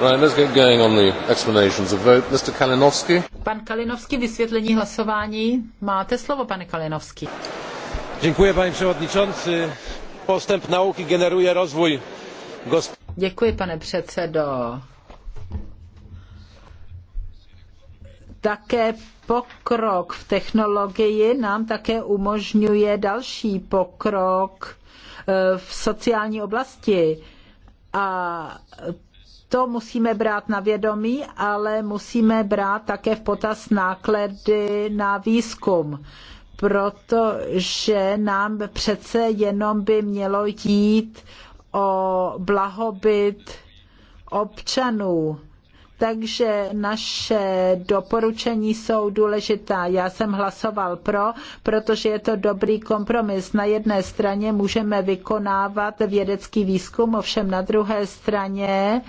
Right, Kalinowski. Pan Kalinovský, vysvětlení hlasování. Máte slovo, pane Kalinovský. Děkuji, pane předsedající. Postup nauky generuje rozvoj gospod... Děkuji, pane předsedo. Také pokrok v technologii nám také umožňuje další pokrok eh, v sociální oblasti. A to musíme brát na vědomí, ale musíme brát také v potaz náklady na výzkum protože nám přece jenom by mělo jít o blahobyt občanů. Takže naše doporučení jsou důležitá. Já jsem hlasoval pro, protože je to dobrý kompromis. Na jedné straně můžeme vykonávat vědecký výzkum, ovšem na druhé straně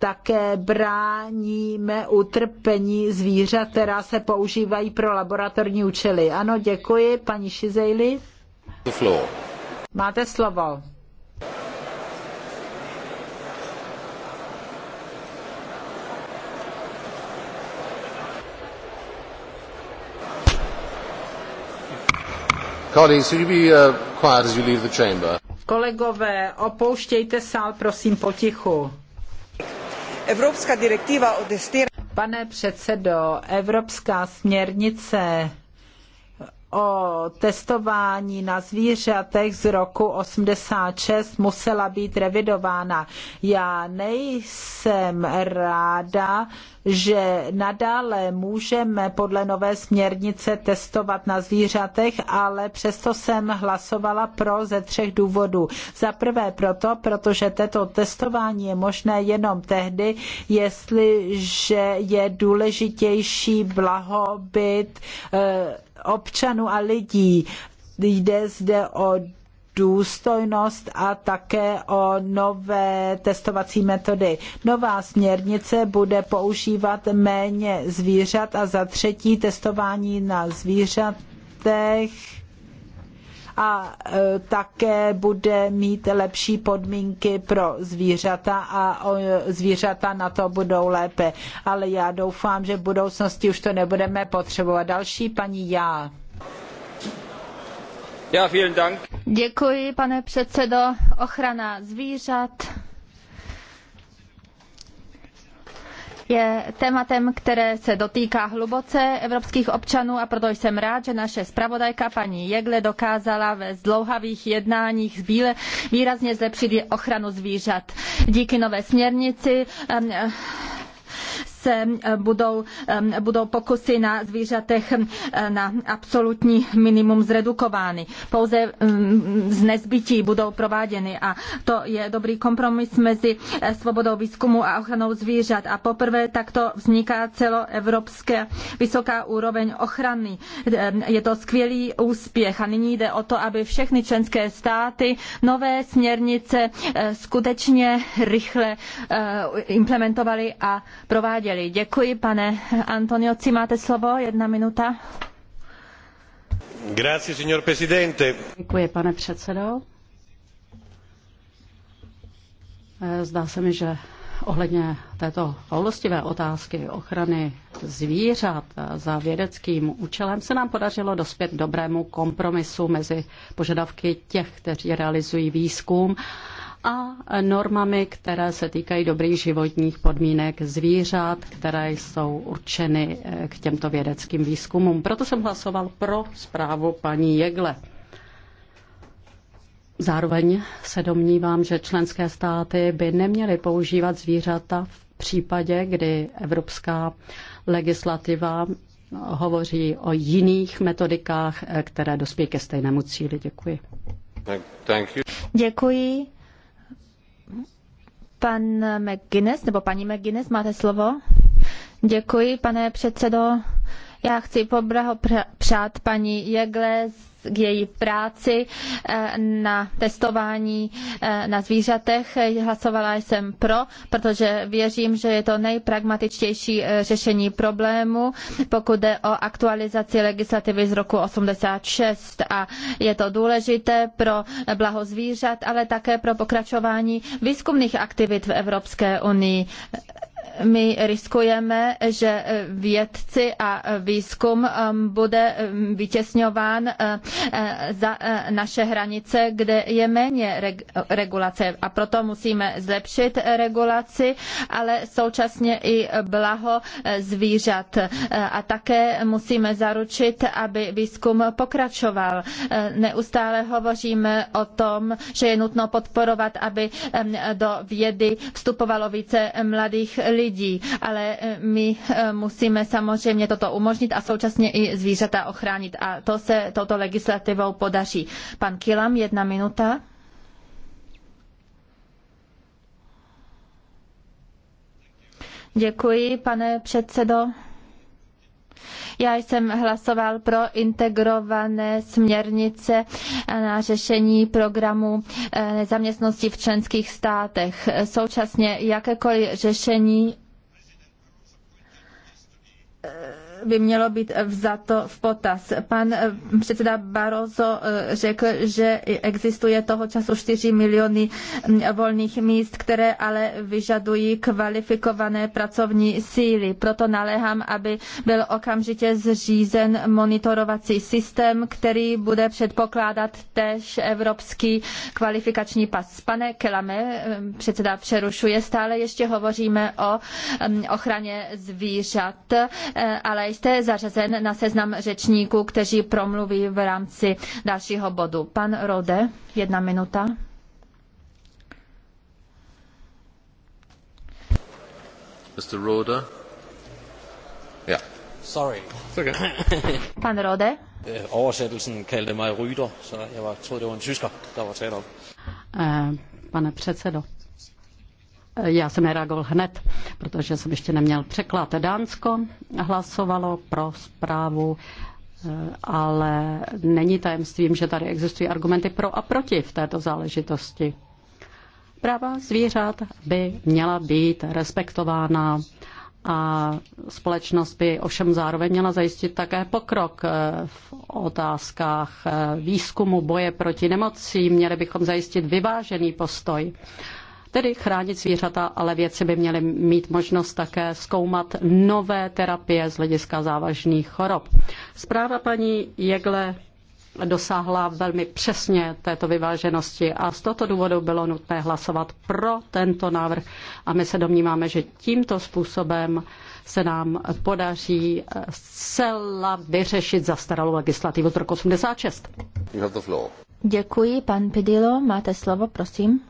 také bráníme utrpení zvířat, která se používají pro laboratorní účely. Ano, děkuji, paní Šizejli. Máte slovo. Uh, Kolegové, opouštějte sál, prosím, potichu. Evropská direktiva o Pane předsedo, Evropská směrnice o testování na zvířatech z roku 86 musela být revidována. Já nejsem ráda, že nadále můžeme podle nové směrnice testovat na zvířatech, ale přesto jsem hlasovala pro ze třech důvodů. Za prvé proto, protože toto testování je možné jenom tehdy, jestliže je důležitější blahobyt eh, občanů a lidí jde zde o důstojnost a také o nové testovací metody. Nová směrnice bude používat méně zvířat a za třetí testování na zvířatech a e, také bude mít lepší podmínky pro zvířata a zvířata na to budou lépe. Ale já doufám, že v budoucnosti už to nebudeme potřebovat. Další paní já. Ja, vielen Dank. Děkuji, pane předsedo. Ochrana zvířat je tématem, které se dotýká hluboce evropských občanů a proto jsem rád, že naše zpravodajka paní Jegle dokázala ve zdlouhavých jednáních zbíle výrazně zlepšit ochranu zvířat. Díky nové směrnici um, se eh, budou, eh, budou pokusy na zvířatech eh, na absolutní minimum zredukovány. Pouze mm, z nezbytí budou prováděny a to je dobrý kompromis mezi svobodou výzkumu a ochranou zvířat. A poprvé takto vzniká celoevropské vysoká úroveň ochrany. Je to skvělý úspěch a nyní jde o to, aby všechny členské státy nové směrnice skutečně rychle implementovaly a prováděly nevěděli. Děkuji, pane Antonioci, máte slovo, jedna minuta. Grazie, signor presidente. Děkuji, pane předsedo. Zdá se mi, že ohledně této houlostivé otázky ochrany zvířat za vědeckým účelem se nám podařilo dospět dobrému kompromisu mezi požadavky těch, kteří realizují výzkum a normami, které se týkají dobrých životních podmínek zvířat, které jsou určeny eh, k těmto vědeckým výzkumům. Proto jsem hlasoval pro zprávu paní Jegle. Zároveň se domnívám, že členské státy by neměly používat zvířata v případě, kdy evropská legislativa hovoří o jiných metodikách, eh, které dospějí ke stejnému cíli. Děkuji. Děkuji. Pan McGuinness, nebo paní McGuinness, máte slovo? Děkuji, pane předsedo. Já chci poblahopřát paní Jegle k její práci eh, na testování eh, na zvířatech. Hlasovala jsem pro, protože věřím, že je to nejpragmatičtější eh, řešení problému, pokud jde o aktualizaci legislativy z roku 86 a je to důležité pro blaho zvířat, ale také pro pokračování výzkumných aktivit v Evropské unii my riskujeme, že vědci a výzkum um, bude um, vytěsňován uh, uh, za uh, naše hranice, kde je méně regulace. A proto musíme zlepšit regulaci, ale současně i blaho zvířat. A také musíme zaručit, aby výzkum pokračoval. Neustále hovoříme o tom, že je nutno podporovat, aby um, do vědy vstupovalo více mladých lidí, ale eh, my eh, musíme samozřejmě toto umožnit a současně i zvířata ochránit a to se touto legislativou podaří. Pan Kilam, jedna minuta. Děkuji, pane předsedo. Já jsem hlasoval pro integrované směrnice na řešení programu eh, nezaměstnosti v členských státech. Současně jakékoliv řešení by mělo být vzato v potaz. Pan eh, předseda Barroso eh, řekl, že existuje toho času 4 miliony mm, volných míst, které ale vyžadují kvalifikované pracovní síly. Proto naléhám, aby byl okamžitě zřízen monitorovací systém, který bude předpokládat též evropský kvalifikační pas. Pane Kelame, eh, předseda přerušuje, stále ještě hovoříme o mm, ochraně zvířat, ale jste zařazen na seznam řečníků, kteří promluví v rámci dalšího bodu. Pan Rode, jedna minuta. Mr. Rode. Yeah. Sorry. Okay. Pan Rode. Eh, oversættelsen kaldte mig Ryder, så jeg var, troede, det var en tysker, der var tale om. Uh, pane předsedo, já jsem nereagoval hned, protože jsem ještě neměl překlad. Dánsko hlasovalo pro zprávu, eh, ale není tajemstvím, že tady existují argumenty pro a proti v této záležitosti. Práva zvířat by měla být respektována a společnost by ovšem zároveň měla zajistit také pokrok eh, v otázkách eh, výzkumu boje proti nemocím. Měli bychom zajistit vyvážený postoj. Tedy chránit zvířata, ale věci by měly mít možnost také zkoumat nové terapie z hlediska závažných chorob. Zpráva paní Jegle dosáhla velmi přesně této vyváženosti a z tohoto důvodu bylo nutné hlasovat pro tento návrh a my se domníváme, že tímto způsobem se nám podaří zcela vyřešit zastaralou legislativu z roku 86. Děkuji, pan Pidilo, máte slovo, prosím.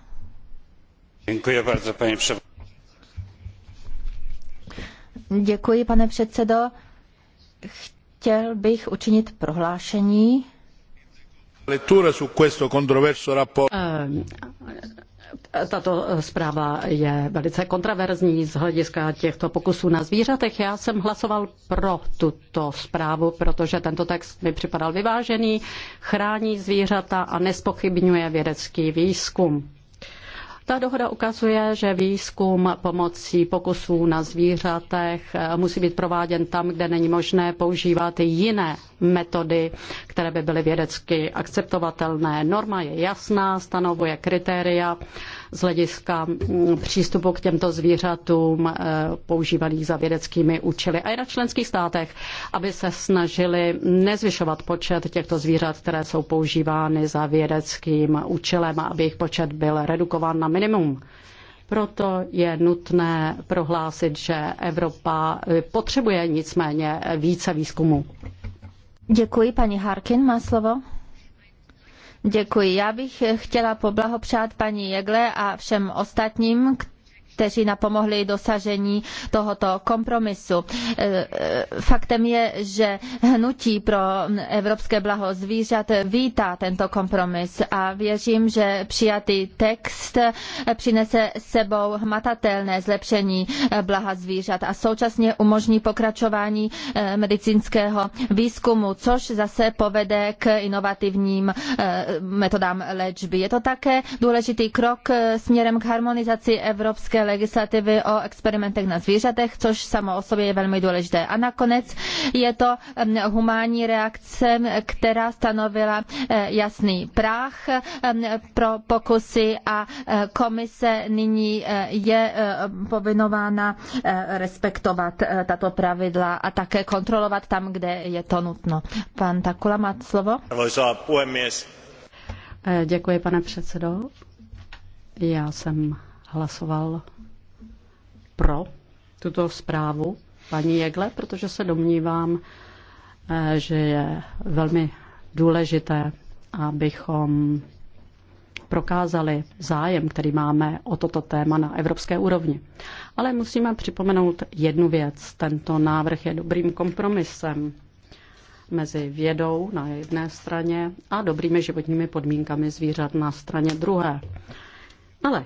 Děkuji pane předsedo. Chtěl bych učinit prohlášení. su questo controverso rapporto. Eh, tato zpráva je velice kontroverzní. z hlediska těchto pokusů na zvířatech. Já jsem hlasoval pro tuto zprávu, protože tento text mi připadal vyvážený, chrání zvířata a nespochybňuje vědecký výzkum. Ta dohoda ukazuje, že výzkum pomocí pokusů na zvířatech musí být prováděn tam, kde není možné používat jiné metody, které by byly vědecky akceptovatelné. Norma je jasná, stanovuje kritéria z hlediska mm, přístupu k těmto zvířatům eh, používaných za vědeckými účely. A je na členských státech, aby se snažili nezvyšovat počet těchto zvířat, které jsou používány za vědeckým účelem a aby jejich počet byl redukován na minimum. Proto je nutné prohlásit, že Evropa eh, potřebuje nicméně více výzkumu. Děkuji, paní Harkin má slovo. Děkuji. Já bych chtěla poblahopřát paní Jegle a všem ostatním, kteří kteří napomohli dosažení tohoto kompromisu. E, e, faktem je, že hnutí pro evropské blaho zvířat vítá tento kompromis a věřím, že přijatý text přinese sebou hmatatelné zlepšení blaha zvířat a současně umožní pokračování e, medicínského výzkumu, což zase povede k inovativním metodám léčby. Je to také důležitý krok směrem k harmonizaci evropské legislativy o experimentech na zvířatech, což samo o sobě je velmi důležité. A nakonec je to humánní reakce, která stanovila eh, jasný práh pro pokusy a eh, komise nyní eh, je povinována respektovat tato pravidla a také kontrolovat tam, kde je to nutno. Pan Takula má slovo. Děkuji, pane předsedo. Já jsem hlasoval pro tuto zprávu paní Jegle, protože se domnívám, eh, že je velmi důležité, abychom prokázali zájem, který máme o toto téma na evropské úrovni. Ale musíme připomenout jednu věc. Tento návrh je dobrým kompromisem mezi vědou na jedné straně a dobrými životními podmínkami zvířat na straně druhé. Ale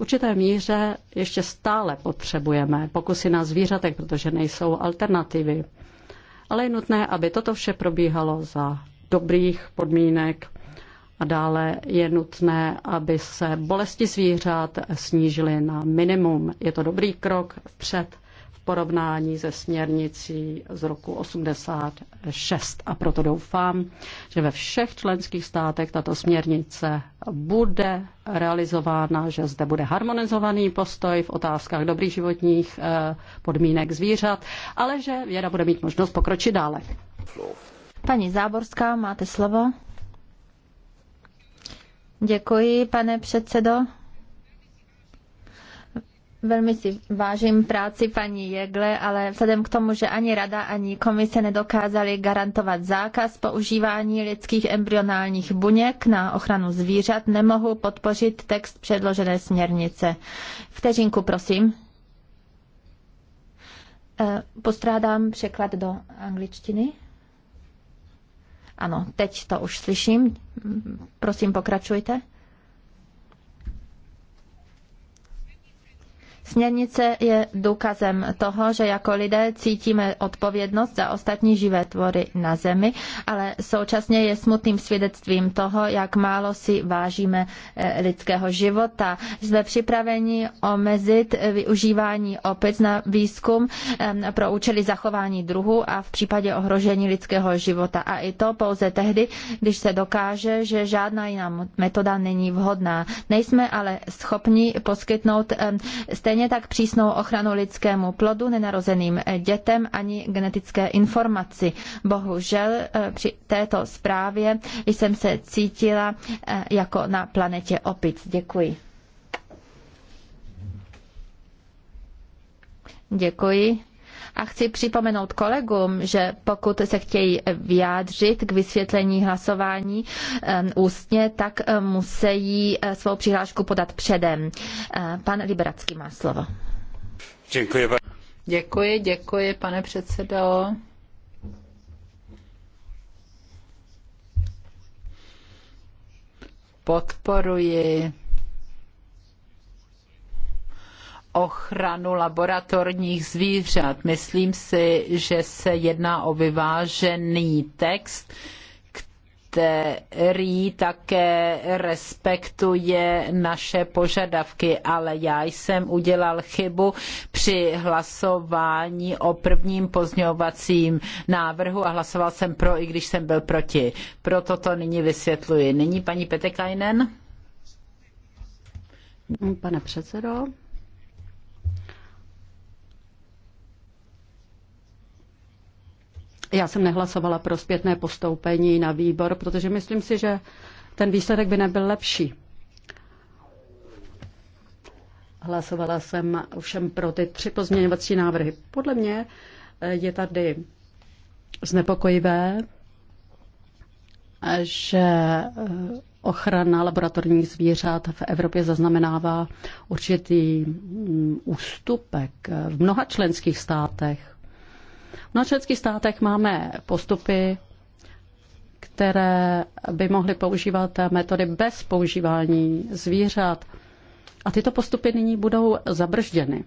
určité míře ještě stále potřebujeme pokusy na zvířatech, protože nejsou alternativy. Ale je nutné, aby toto vše probíhalo za dobrých podmínek a dále je nutné, aby se bolesti zvířat snížily na minimum. Je to dobrý krok vpřed porovnání se směrnicí z roku 86. A proto doufám, že ve všech členských státech tato směrnice bude realizována, že zde bude harmonizovaný postoj v otázkách dobrých životních eh, podmínek zvířat, ale že věda bude mít možnost pokročit dále. Paní Záborská, máte slovo. Děkuji, pane předsedo. Velmi si vážím práci paní Jegle, ale vzhledem k tomu, že ani rada, ani komise nedokázali garantovat zákaz používání lidských embryonálních buněk na ochranu zvířat, nemohu podpořit text předložené směrnice. Vteřinku, prosím. E, postrádám překlad do angličtiny. Ano, teď to už slyším. Prosím, pokračujte. Směrnice je důkazem toho, že jako lidé cítíme odpovědnost za ostatní živé tvory na Zemi, ale současně je smutným svědectvím toho, jak málo si vážíme eh, lidského života. Jsme připraveni omezit využívání opic na výzkum eh, pro účely zachování druhu a v případě ohrožení lidského života. A i to pouze tehdy, když se dokáže, že žádná jiná metoda není vhodná. Nejsme ale schopni poskytnout eh, stejně Stejně tak přísnou ochranu lidskému plodu, nenarozeným eh, dětem ani genetické informaci. Bohužel eh, při této zprávě jsem se cítila eh, jako na planetě opic. Děkuji. Děkuji. A chci připomenout kolegům, že pokud se chtějí vyjádřit k vysvětlení hlasování ústně, tak eh, musí eh, svou přihlášku podat předem. Eh, pan Liberacký má slovo. Děkuji. Děkuji, děkuji, pane předsedo. Podporuji ochranu laboratorních zvířat. Myslím si, že se jedná o vyvážený text, který také respektuje naše požadavky, ale já jsem udělal chybu při hlasování o prvním pozňovacím návrhu a hlasoval jsem pro, i když jsem byl proti. Proto to nyní vysvětluji. Nyní paní Petekainen. Pane předsedo, Já jsem nehlasovala pro zpětné postoupení na výbor, protože myslím si, že ten výsledek by nebyl lepší. Hlasovala jsem ovšem pro ty tři pozměňovací návrhy. Podle mě eh, je tady znepokojivé, že eh, ochrana laboratorních zvířat v Evropě zaznamenává určitý mm, ústupek eh, v mnoha členských státech. Na no členských státech máme postupy, které by mohly používat metody bez používání zvířat. A tyto postupy nyní budou zabržděny.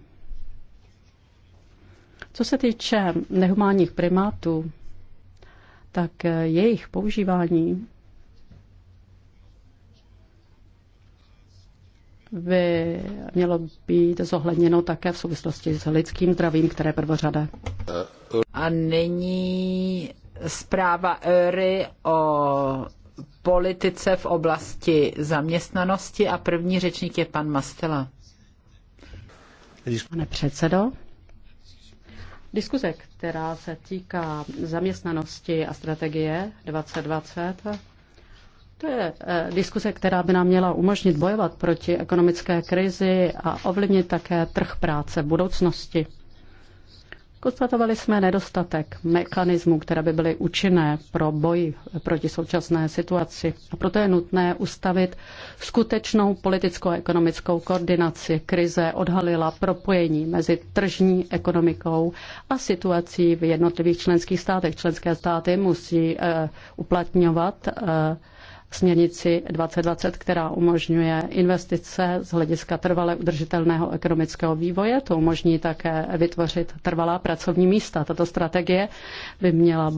Co se týče nehumánních primátů, tak jejich používání by mělo být zohledněno také v souvislosti s lidským zdravím, které prvořadé. Eh, a nyní zpráva ERY o politice v oblasti zaměstnanosti a první řečník je pan Mastela. Pane předsedo, diskuze, která se týká zaměstnanosti a strategie 2020, to je eh, diskuse, která by nám měla umožnit bojovat proti ekonomické krizi a ovlivnit také trh práce v budoucnosti. Konstatovali jsme nedostatek mechanismů, které by byly účinné pro boj proti současné situaci. A proto je nutné ustavit skutečnou politickou a ekonomickou koordinaci. Krize odhalila propojení mezi tržní ekonomikou a situací v jednotlivých členských státech. Členské státy musí uh, uplatňovat uh, směrnici 2020, která umožňuje investice z hlediska trvale udržitelného ekonomického vývoje. To umožní také vytvořit trvalá pracovní místa. Tato strategie by měla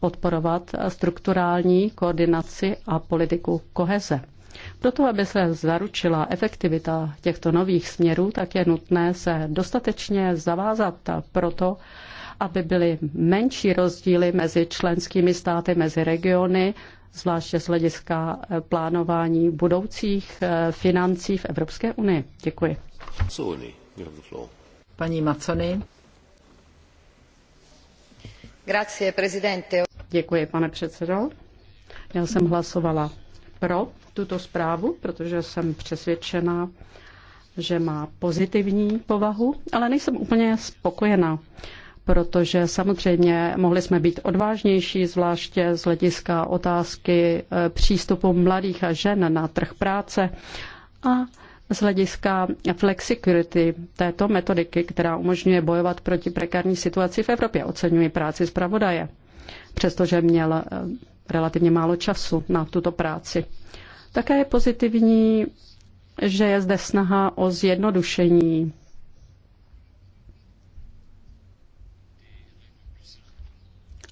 podporovat strukturální koordinaci a politiku koheze. Proto, aby se zaručila efektivita těchto nových směrů, tak je nutné se dostatečně zavázat proto, aby byly menší rozdíly mezi členskými státy, mezi regiony zvláště z hlediska eh, plánování budoucích eh, financí v Evropské unii. Děkuji. Paní Macony. Grazie, prezidente. Děkuji, pane předsedo. Já jsem hlasovala pro tuto zprávu, protože jsem přesvědčena, že má pozitivní povahu, ale nejsem úplně spokojená protože samozřejmě mohli jsme být odvážnější, zvláště z hlediska otázky eh, přístupu mladých a žen na trh práce a z hlediska flexicurity této metodiky, která umožňuje bojovat proti prekární situaci v Evropě. Oceňuji práci zpravodaje, přestože měl eh, relativně málo času na tuto práci. Také je pozitivní, že je zde snaha o zjednodušení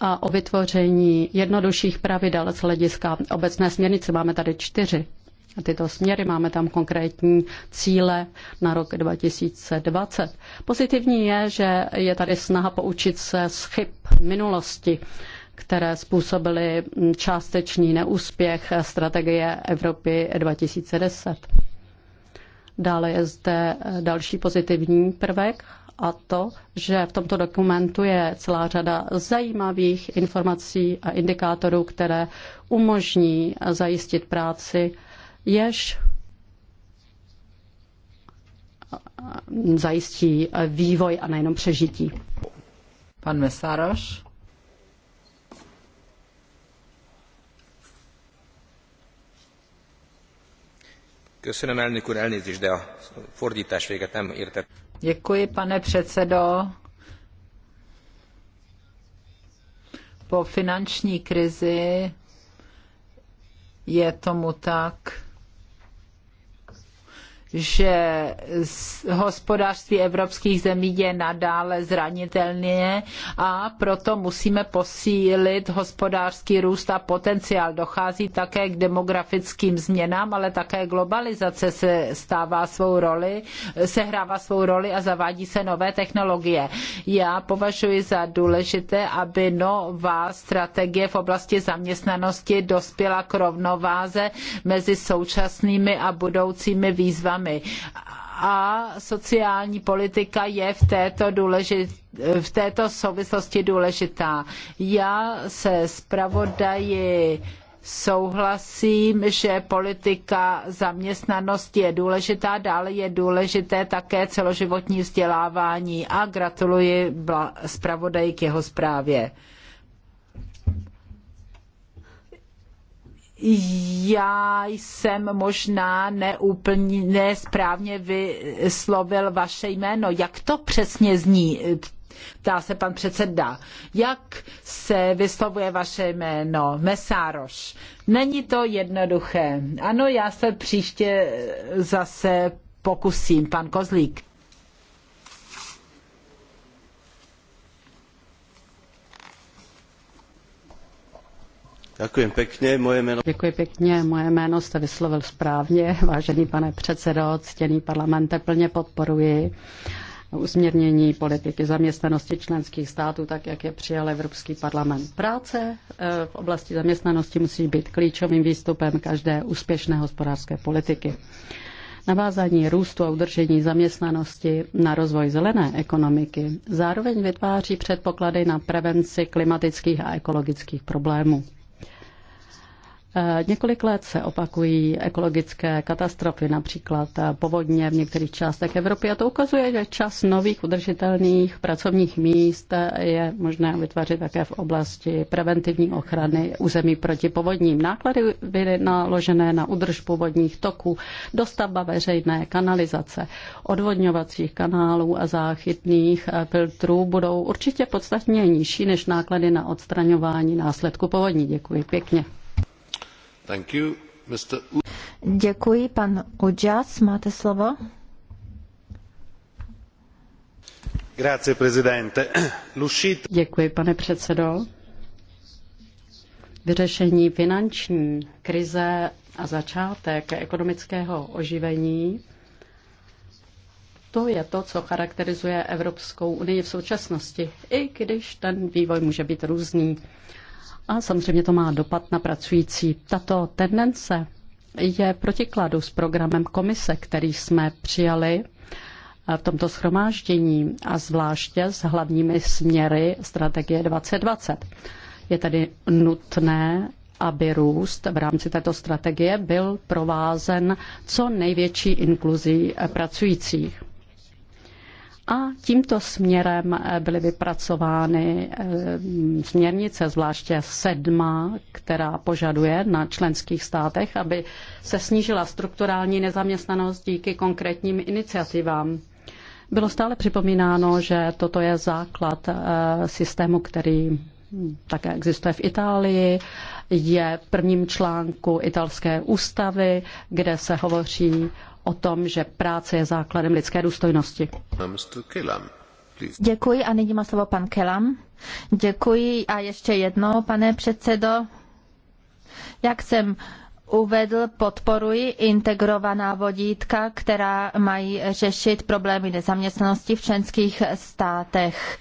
a o vytvoření jednodušších pravidel z hlediska obecné směrnice. Máme tady čtyři tyto směry, máme tam konkrétní cíle na rok 2020. Pozitivní je, že je tady snaha poučit se z chyb minulosti které způsobily částečný neúspěch strategie Evropy 2010. Dále je zde další pozitivní prvek a to, že v tomto dokumentu je celá řada zajímavých informací a indikátorů, které umožní zajistit práci, jež zajistí vývoj a nejenom přežití. Pan Mesároš. Köszönöm, elnök úr, elnézést, de a fordítás véget nem értettem. Děkuji, pane předsedo. Po finanční krizi je tomu tak, že hospodářství evropských zemí je nadále zranitelné a proto musíme posílit hospodářský růst a potenciál. Dochází také k demografickým změnám, ale také globalizace se stává svou roli, sehrává svou roli a zavádí se nové technologie. Já považuji za důležité, aby nová strategie v oblasti zaměstnanosti dospěla k rovnováze mezi současnými a budoucími výzvami námi. A sociální politika je v této, důležit, v této souvislosti důležitá. Já se zpravodaji souhlasím, že politika zaměstnanosti je důležitá, dále je důležité také celoživotní vzdělávání a gratuluji zpravodaji k jeho zprávě. já jsem možná neúplně nesprávně vyslovil vaše jméno. Jak to přesně zní? Ptá se pan předseda. Jak se vyslovuje vaše jméno? Mesároš. Není to jednoduché. Ano, já se příště zase pokusím. Pan Kozlík. Děkuji pěkně, moje jméno... moje jméno jste vyslovil správně, vážený pane předsedo, ctěný parlamente, plně podporuji usměrnění politiky zaměstnanosti členských států, tak jak je přijal Evropský parlament. Práce eh, v oblasti zaměstnanosti musí být klíčovým výstupem každé úspěšné hospodářské politiky. Navázání růstu a udržení zaměstnanosti na rozvoj zelené ekonomiky zároveň vytváří předpoklady na prevenci klimatických a ekologických problémů. Eh, několik let se opakují ekologické katastrofy, například eh, povodně v některých částech Evropy a to ukazuje, že čas nových udržitelných pracovních míst eh, je možné vytvářet také v oblasti preventivní ochrany území proti povodním. Náklady byly naložené na udržbu vodních toků, dostavba veřejné kanalizace, odvodňovacích kanálů a záchytných filtrů budou určitě podstatně nižší než náklady na odstraňování následku povodní. Děkuji pěkně. Thank you. Mr. U... Děkuji, pan Ujas, máte slovo. Grazie, presidente. Děkuji, pane předsedo. Vyřešení finanční krize a začátek ekonomického oživení to je to, co charakterizuje Evropskou unii v současnosti, i když ten vývoj může být různý a samozřejmě to má dopad na pracující. Tato tendence je protikladu s programem komise, který jsme přijali eh, v tomto schromáždění a zvláště s hlavními směry strategie 2020. Je tedy nutné, aby růst v rámci této strategie byl provázen co největší inkluzí eh, pracujících. A tímto směrem eh, byly vypracovány eh, směrnice, zvláště sedma, která požaduje na členských státech, aby se snížila strukturální nezaměstnanost díky konkrétním iniciativám. Bylo stále připomínáno, že toto je základ eh, systému, který také existuje v Itálii, je v prvním článku italské ústavy, kde se hovoří o tom, že práce je základem lidské důstojnosti. Děkuji a nyní má slovo pan Kelam. Děkuji a ještě jedno, pane předsedo. Jak jsem uvedl, podporuji integrovaná vodítka, která mají řešit problémy nezaměstnanosti v členských státech.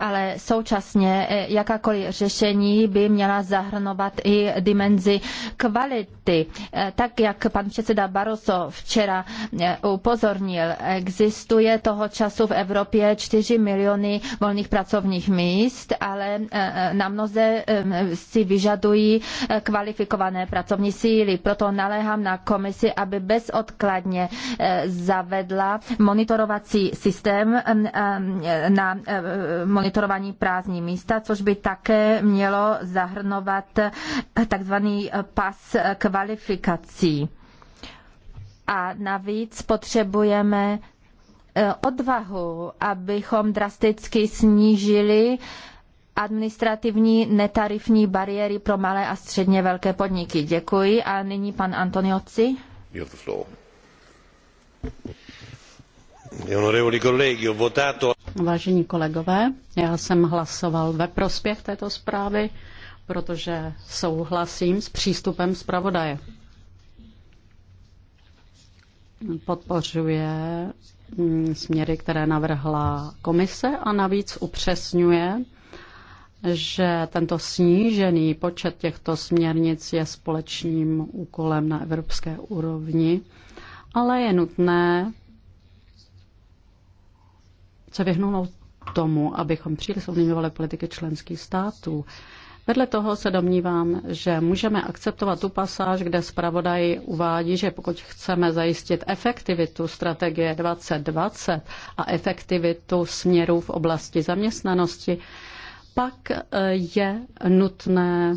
Ale současně eh, jakákoliv řešení by měla zahrnovat i dimenzi kvality. Eh, tak, jak pan předseda Barroso včera eh, upozornil, existuje toho času v Evropě 4 miliony volných pracovních míst, ale na mnoze si vyžadují kvalifikované pracovní síly síly. Proto naléhám na komisi, aby bezodkladně eh, zavedla monitorovací systém eh, eh, na monitorování prázdní místa, což by také mělo zahrnovat takzvaný pas kvalifikací. A navíc potřebujeme odvahu, abychom drasticky snížili administrativní netarifní bariéry pro malé a středně velké podniky. Děkuji a nyní pan Cí. Vážení kolegové, já jsem hlasoval ve prospěch této zprávy, protože souhlasím s přístupem zpravodaje. Podpořuje mm, směry, které navrhla komise a navíc upřesňuje že tento snížený počet těchto směrnic je společným úkolem na evropské úrovni, ale je nutné se vyhnout tomu, abychom příliš ovlivňovali politiky členských států. Vedle toho se domnívám, že můžeme akceptovat tu pasáž, kde zpravodaj uvádí, že pokud chceme zajistit efektivitu strategie 2020 a efektivitu směrů v oblasti zaměstnanosti, pak eh, je nutné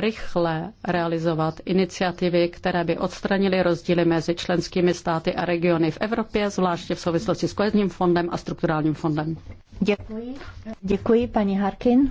rychle realizovat iniciativy, které by odstranily rozdíly mezi členskými státy a regiony v Evropě, zvláště v souvislosti s kohezním fondem a strukturálním fondem. Děkuji. Děkuji, paní Harkin.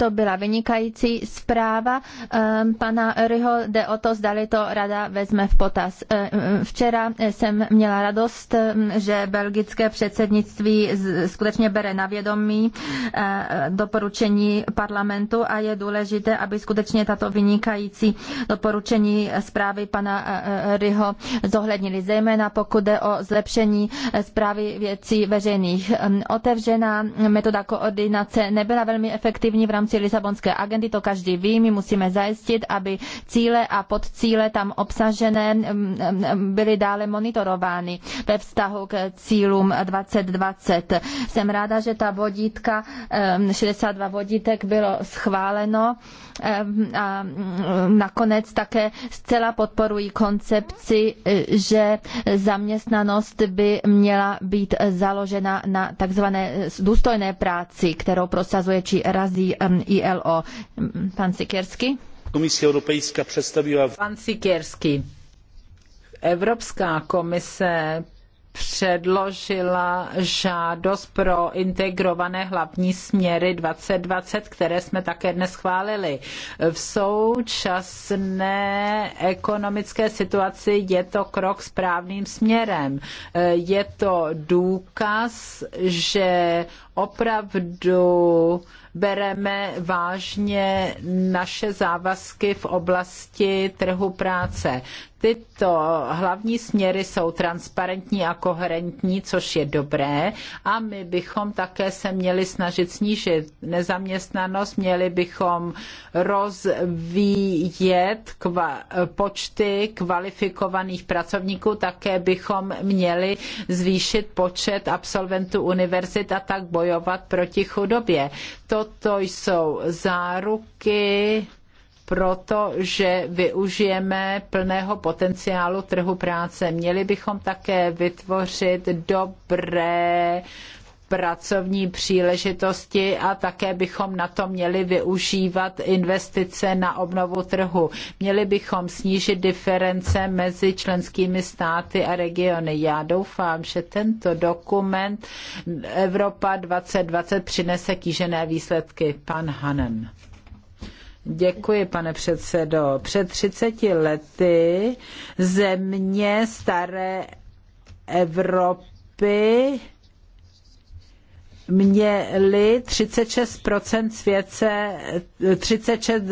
To byla vynikající zpráva ehm, pana Ryho. Jde o to, zdali to rada vezme v potaz. Eh, eh, včera jsem měla radost, ehm, že belgické předsednictví skutečně bere na vědomí eh, doporučení parlamentu a je důležité, aby skutečně tato vynikající doporučení zprávy pana Ryho zohlednili, zejména pokud jde o zlepšení zprávy věcí veřejných. Ehm, otevřená metoda koordinace nebyla velmi efektivní v rámci rámci Lisabonské agendy, to každý ví, my musíme zajistit, aby cíle a podcíle tam obsažené mm, mm, byly dále monitorovány ve vztahu k cílům 2020. Jsem ráda, že ta vodítka, 62 vodítek bylo schváleno a mm, nakonec také zcela podporují koncepci, e, že zaměstnanost by měla být založena na takzvané důstojné práci, kterou prosazuje či razí ILO. Pan Sikierski. Komisja Europejská představila... Pan Sikierski. Evropská komise předložila žádost pro integrované hlavní směry 2020, které jsme také dnes schválili. V současné ekonomické situaci je to krok správným směrem. Je to důkaz, že opravdu bereme vážně naše závazky v oblasti trhu práce tyto hlavní směry jsou transparentní a koherentní, což je dobré. A my bychom také se měli snažit snížit nezaměstnanost, měli bychom rozvíjet kva- počty kvalifikovaných pracovníků, také bychom měli zvýšit počet absolventů univerzit a tak bojovat proti chudobě. Toto jsou záruky protože využijeme plného potenciálu trhu práce. Měli bychom také vytvořit dobré pracovní příležitosti a také bychom na to měli využívat investice na obnovu trhu. Měli bychom snížit diference mezi členskými státy a regiony. Já doufám, že tento dokument Evropa 2020 přinese kýžené výsledky. Pan Hanen. Děkuji, pane předsedo. Před 30 lety země staré Evropy měli 36 světce, 36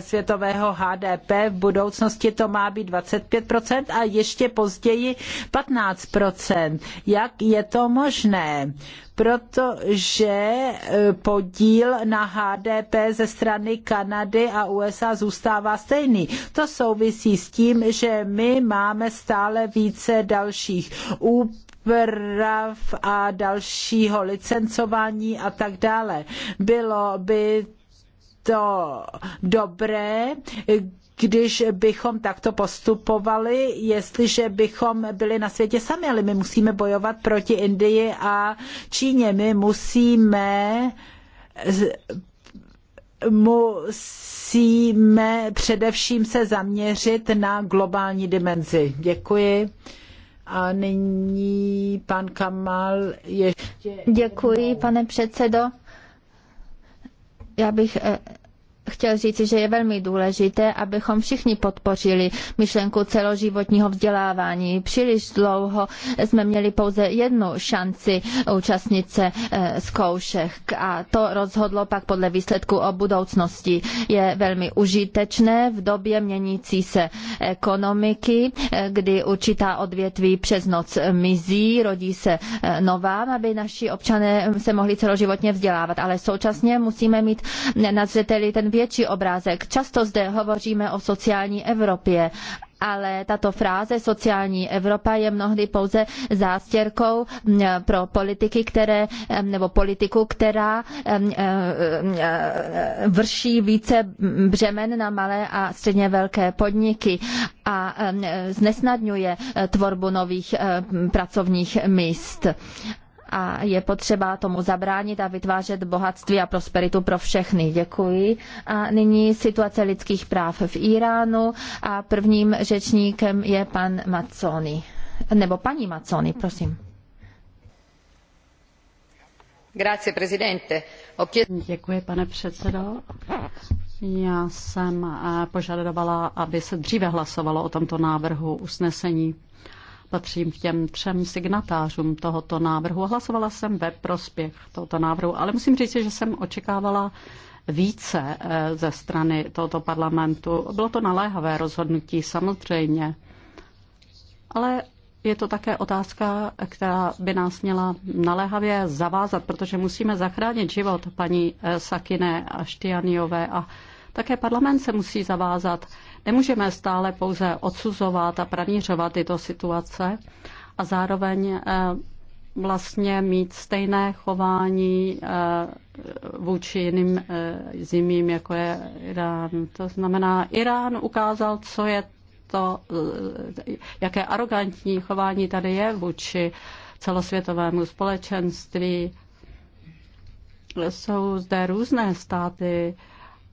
světového HDP, v budoucnosti to má být 25 a ještě později 15 Jak je to možné? protože e, podíl na HDP ze strany Kanady a USA zůstává stejný. To souvisí s tím, že my máme stále více dalších úprav a dalšího licencování a tak dále. Bylo by to dobré, když bychom takto postupovali, jestliže bychom byli na světě sami, ale my musíme bojovat proti Indii a Číně. My musíme musíme především se zaměřit na globální dimenzi. Děkuji. A nyní pan Kamal ještě... Děkuji, pane předsedo. Já bych eh, chtěl říci, že je velmi důležité, abychom všichni podpořili myšlenku celoživotního vzdělávání. Příliš dlouho jsme měli pouze jednu šanci účastnit se eh, zkoušek a to rozhodlo pak podle výsledku o budoucnosti. Je velmi užitečné v době měnící se ekonomiky, eh, kdy určitá odvětví přes noc mizí, rodí se eh, nová, aby naši občané se mohli celoživotně vzdělávat, ale současně musíme mít na zřeteli ten větší obrázek. Často zde hovoříme o sociální Evropě, ale tato fráze sociální Evropa je mnohdy pouze zástěrkou pro politiky, které, nebo politiku, která e, e, vrší více břemen na malé a středně velké podniky a e, znesnadňuje tvorbu nových pracovních míst a je potřeba tomu zabránit a vytvářet bohatství a prosperitu pro všechny. Děkuji. A nyní situace lidských práv v Iránu a prvním řečníkem je pan Mazzoni. Nebo paní Mazzoni, prosím. Grazie, presidente. Děkuji, pane předsedo. Já jsem eh, požadovala, aby se dříve hlasovalo o tomto návrhu usnesení patřím k těm třem signatářům tohoto návrhu. Hlasovala jsem ve prospěch tohoto návrhu, ale musím říct, že jsem očekávala více eh, ze strany tohoto parlamentu. Bylo to naléhavé rozhodnutí, samozřejmě. Ale je to také otázka, která by nás měla naléhavě zavázat, protože musíme zachránit život paní eh, Sakine a Štianiové a také parlament se musí zavázat Nemůžeme stále pouze odsuzovat a pranířovat tyto situace a zároveň eh, vlastně mít stejné chování eh, vůči jiným eh, zimím, jako je Irán. To znamená, Irán ukázal, co je to, jaké arrogantní chování tady je vůči celosvětovému společenství. Jsou zde různé státy,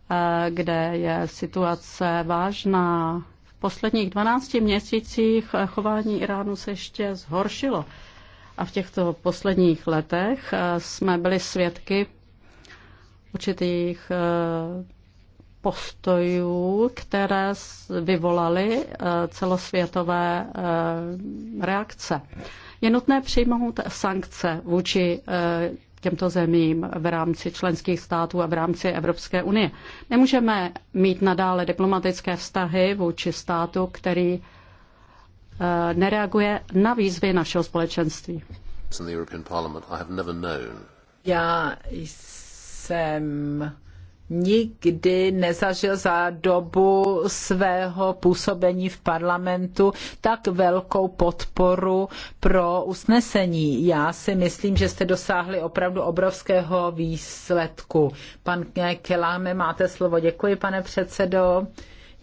Eh, kde je situace vážná. V posledních 12 měsících eh, chování Iránu se ještě zhoršilo. A v těchto posledních letech eh, jsme byli svědky určitých postojů, které vyvolaly celosvětové reakce. Je nutné přijmout sankce vůči těmto zemím v rámci členských států a v rámci Evropské unie. Nemůžeme mít nadále diplomatické vztahy vůči státu, který eh, nereaguje na výzvy našeho společenství. Já jsem nikdy nezažil za dobu svého působení v parlamentu tak velkou podporu pro usnesení. Já si myslím, že jste dosáhli opravdu obrovského výsledku. Pan Keláme, máte slovo. Děkuji, pane předsedo.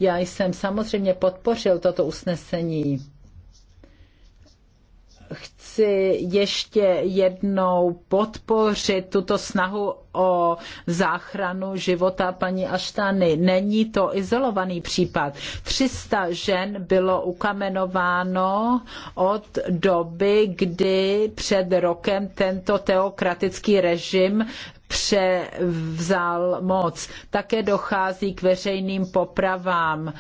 Já jsem samozřejmě podpořil toto usnesení si ještě jednou podpořit tuto snahu o záchranu života paní Aštany. Není to izolovaný případ. 300 žen bylo ukamenováno od doby, kdy před rokem tento teokratický režim převzal moc. Také dochází k veřejným popravám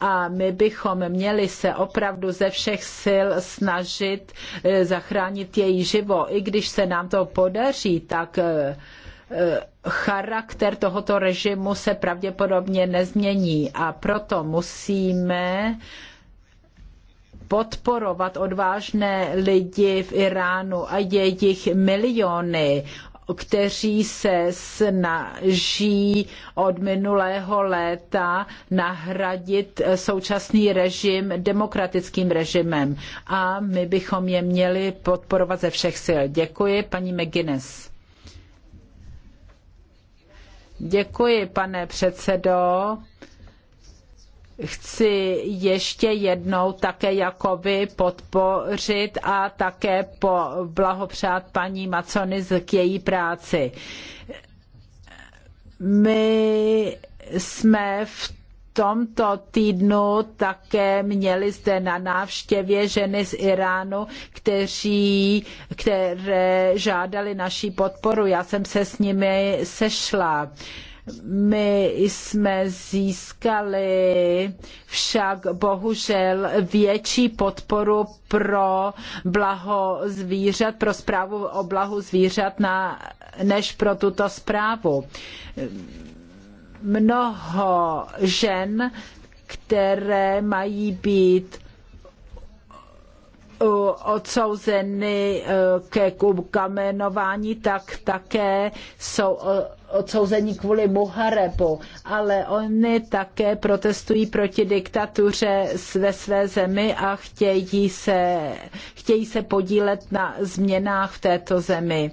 a my bychom měli se opravdu ze všech sil snažit eh, zachránit její živo. I když se nám to podaří, tak eh, eh, charakter tohoto režimu se pravděpodobně nezmění a proto musíme podporovat odvážné lidi v Iránu a jejich miliony kteří se snaží od minulého léta nahradit současný režim demokratickým režimem. A my bychom je měli podporovat ze všech sil. Děkuji, paní McGuinness. Děkuji, pane předsedo chci ještě jednou také Jakovi podpořit a také poblahopřát paní Macony k její práci. My jsme v tomto týdnu také měli zde na návštěvě ženy z Iránu, kteří, které žádali naší podporu. Já jsem se s nimi sešla. Uh, my jsme získali však bohužel větší podporu pro blaho zvířat, pro zprávu o blahu zvířat na, než pro tuto zprávu. Mnoho žen, které mají být odsouzeny eh, ke kamenování, tak také jsou eh, odsouzení kvůli Muharebu, ale oni také protestují proti diktatuře ve své zemi a chtějí se, chtějí se podílet na změnách v této zemi.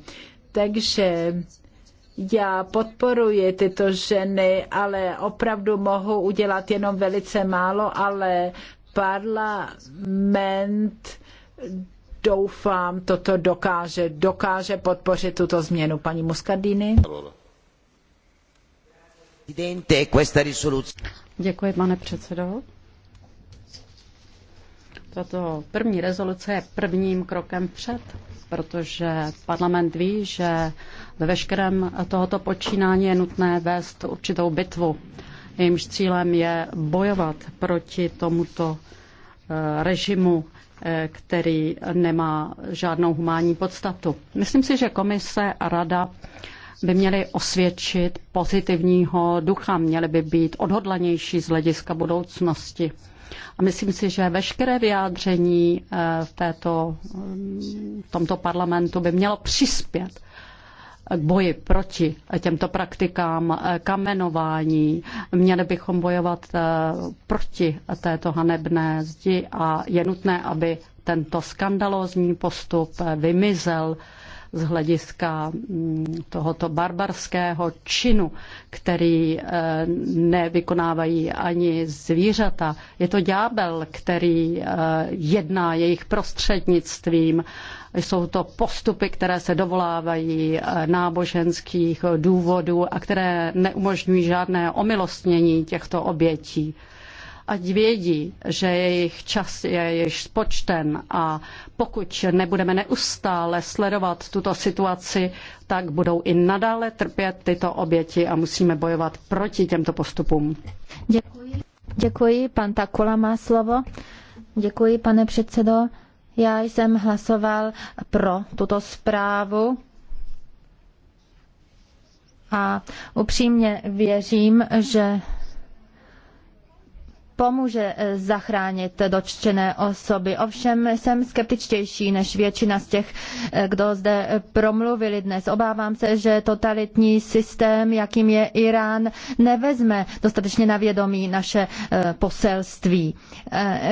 Takže já podporuji tyto ženy, ale opravdu mohu udělat jenom velice málo, ale parlament doufám toto dokáže, dokáže podpořit tuto změnu. Paní Muscardini? Děkuji, pane předsedo. Tato první rezoluce je prvním krokem před, protože parlament ví, že ve veškerém tohoto počínání je nutné vést určitou bitvu. Jejímž cílem je bojovat proti tomuto eh, režimu, eh, který nemá žádnou humánní podstatu. Myslím si, že komise a rada by měli osvědčit pozitivního ducha, měli by být odhodlanější z hlediska budoucnosti. A myslím si, že veškeré vyjádření eh, v, této, v tomto parlamentu by mělo přispět k boji proti těmto praktikám eh, kamenování. Měli bychom bojovat eh, proti této hanebné zdi a je nutné, aby tento skandalózní postup vymizel z hlediska mm, tohoto barbarského činu, který eh, nevykonávají ani zvířata. Je to ďábel, který eh, jedná jejich prostřednictvím. Jsou to postupy, které se dovolávají eh, náboženských důvodů a které neumožňují žádné omilostnění těchto obětí ať vědí, že jejich čas je již spočten a pokud nebudeme neustále sledovat tuto situaci, tak budou i nadále trpět tyto oběti a musíme bojovat proti těmto postupům. Děkuji. Děkuji. Pan Takula má slovo. Děkuji, pane předsedo. Já jsem hlasoval pro tuto zprávu a upřímně věřím, že pomůže eh, zachránit dotčené osoby. Ovšem jsem skeptičtější než většina z těch, eh, kdo zde promluvili dnes. Obávám se, že totalitní systém, jakým je Irán, nevezme dostatečně na vědomí naše eh, poselství.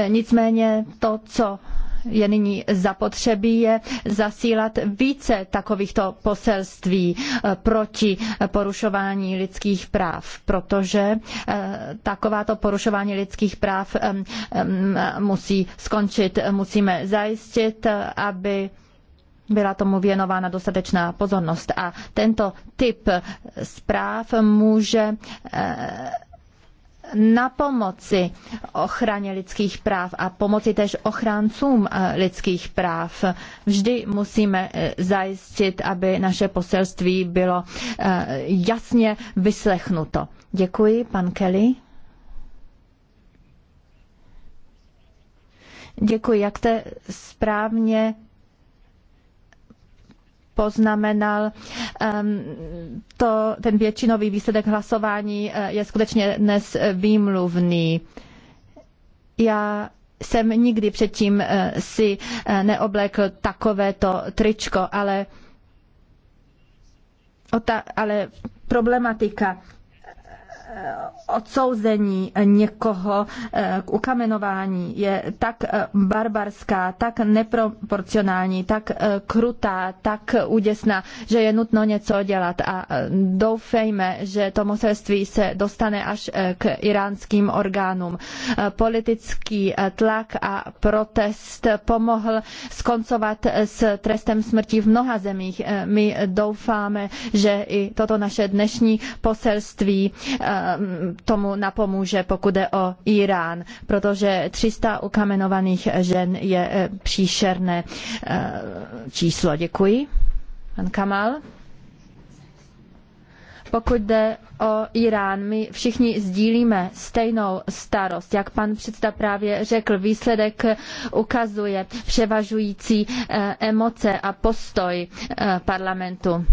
Nicméně to, co je nyní zapotřebí, je zasílat více takovýchto poselství eh, proti porušování lidských práv, protože eh, takováto porušování lidských práv eh, musí skončit. Musíme zajistit, aby byla tomu věnována dostatečná pozornost. A tento typ zpráv může na pomoci ochraně lidských práv a pomoci tež ochráncům eh, lidských práv. Vždy musíme eh, zajistit, aby naše poselství bylo eh, jasně vyslechnuto. Děkuji, pan Kelly. Děkuji. Jak jste správně poznamenal. Ehm, to, ten většinový výsledek hlasování eh, je skutečně dnes výmluvný. Já jsem nikdy předtím eh, si eh, neoblekl takovéto tričko, ale, ale problematika Eh, odsouzení někoho eh, k ukamenování je tak eh, barbarská, tak neproporcionální, tak krutá, tak úděsná, že je nutno něco dělat. A doufejme, že to moselství se dostane až k iránským orgánům. Politický tlak a protest pomohl skoncovat s trestem smrti v mnoha zemích. My doufáme, že i toto naše dnešní poselství Eh, tomu napomůže, pokud jde o Irán, protože 300 ukamenovaných žen je eh, příšerné eh, číslo. Děkuji. Pan Kamal? Pokud jde o Irán, my všichni sdílíme stejnou starost. Jak pan předseda právě řekl, výsledek ukazuje převažující emoce a postoj parlamentu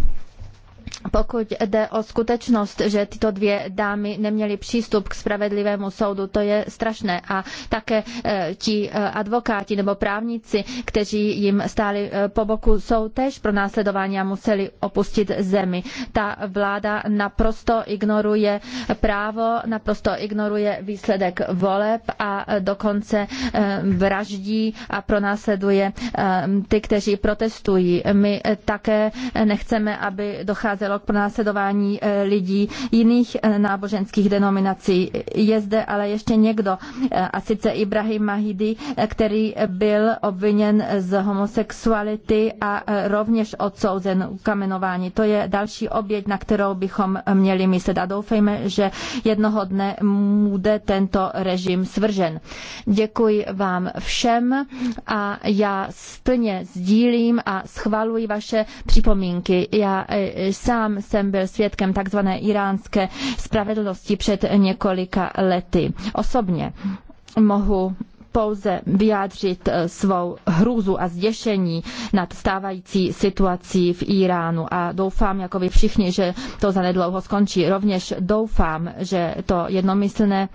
pokud jde o skutečnost, že tyto dvě dámy neměly přístup k spravedlivému soudu, to je strašné. A také eh, ti eh, advokáti nebo právníci, kteří jim stáli eh, po boku, jsou též pro následování a museli opustit zemi. Ta vláda naprosto ignoruje právo, naprosto ignoruje výsledek voleb a dokonce vraždí a pronásleduje ty, kteří protestují. My také nechceme, aby docházelo k pronásledování eh, lidí jiných eh, náboženských denominací. Je zde ale ještě někdo, eh, a sice Ibrahim Mahidi, který byl obviněn z homosexuality a rovněž odsouzen ukamenování. To je další oběť, na kterou bychom měli myslet a doufejme, že jednoho dne bude tento režim svržen. Děkuji vám všem a já plně sdílím a schvaluji vaše připomínky. Já sám Sám jsem byl svědkem takzvané iránské spravedlnosti před několika lety. Osobně mohu pouze vyjádřit eh, svou hrůzu a zděšení nad stávající situací v Iránu a doufám, jako vy všichni, že to zanedlouho skončí. Rovněž doufám, že to jednomyslné,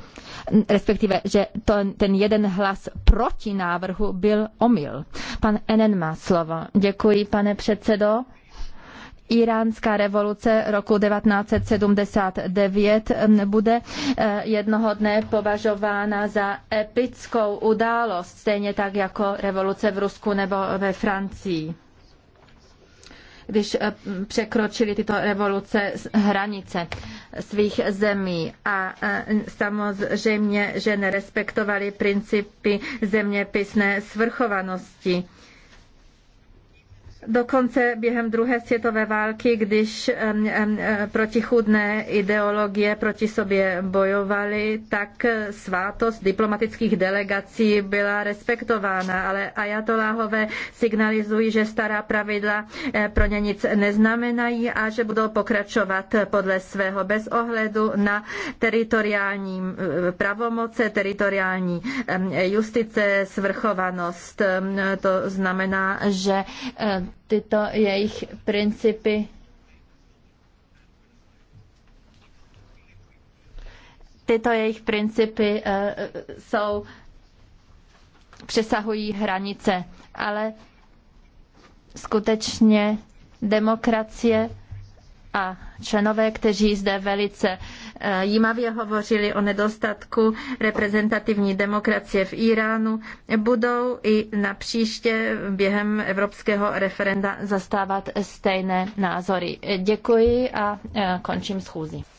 respektive, že to, ten jeden hlas proti návrhu byl omyl. Pan Enen má slovo. Děkuji, pane předsedo. Iránská revoluce roku 1979 eh, bude eh, jednoho dne považována za epickou událost, stejně tak jako revoluce v Rusku nebo ve Francii když eh, překročili tyto revoluce hranice svých zemí a samozřejmě, že nerespektovali principy zeměpisné svrchovanosti Dokonce během druhé světové války, když eh, protichůdné ideologie proti sobě bojovaly, tak svátost diplomatických delegací byla respektována, ale ajatoláhové signalizují, že stará pravidla eh, pro ně nic neznamenají a že budou pokračovat podle svého bez ohledu na teritoriální eh, pravomoce, teritoriální justice, svrchovanost. To znamená, že tyto jejich principy tyto jejich principy eh, jsou přesahují hranice, ale skutečně demokracie a členové, kteří zde velice eh, jímavě hovořili o nedostatku reprezentativní demokracie v Iránu, budou i na příště během evropského referenda zastávat stejné názory. Děkuji a eh, končím schůzi.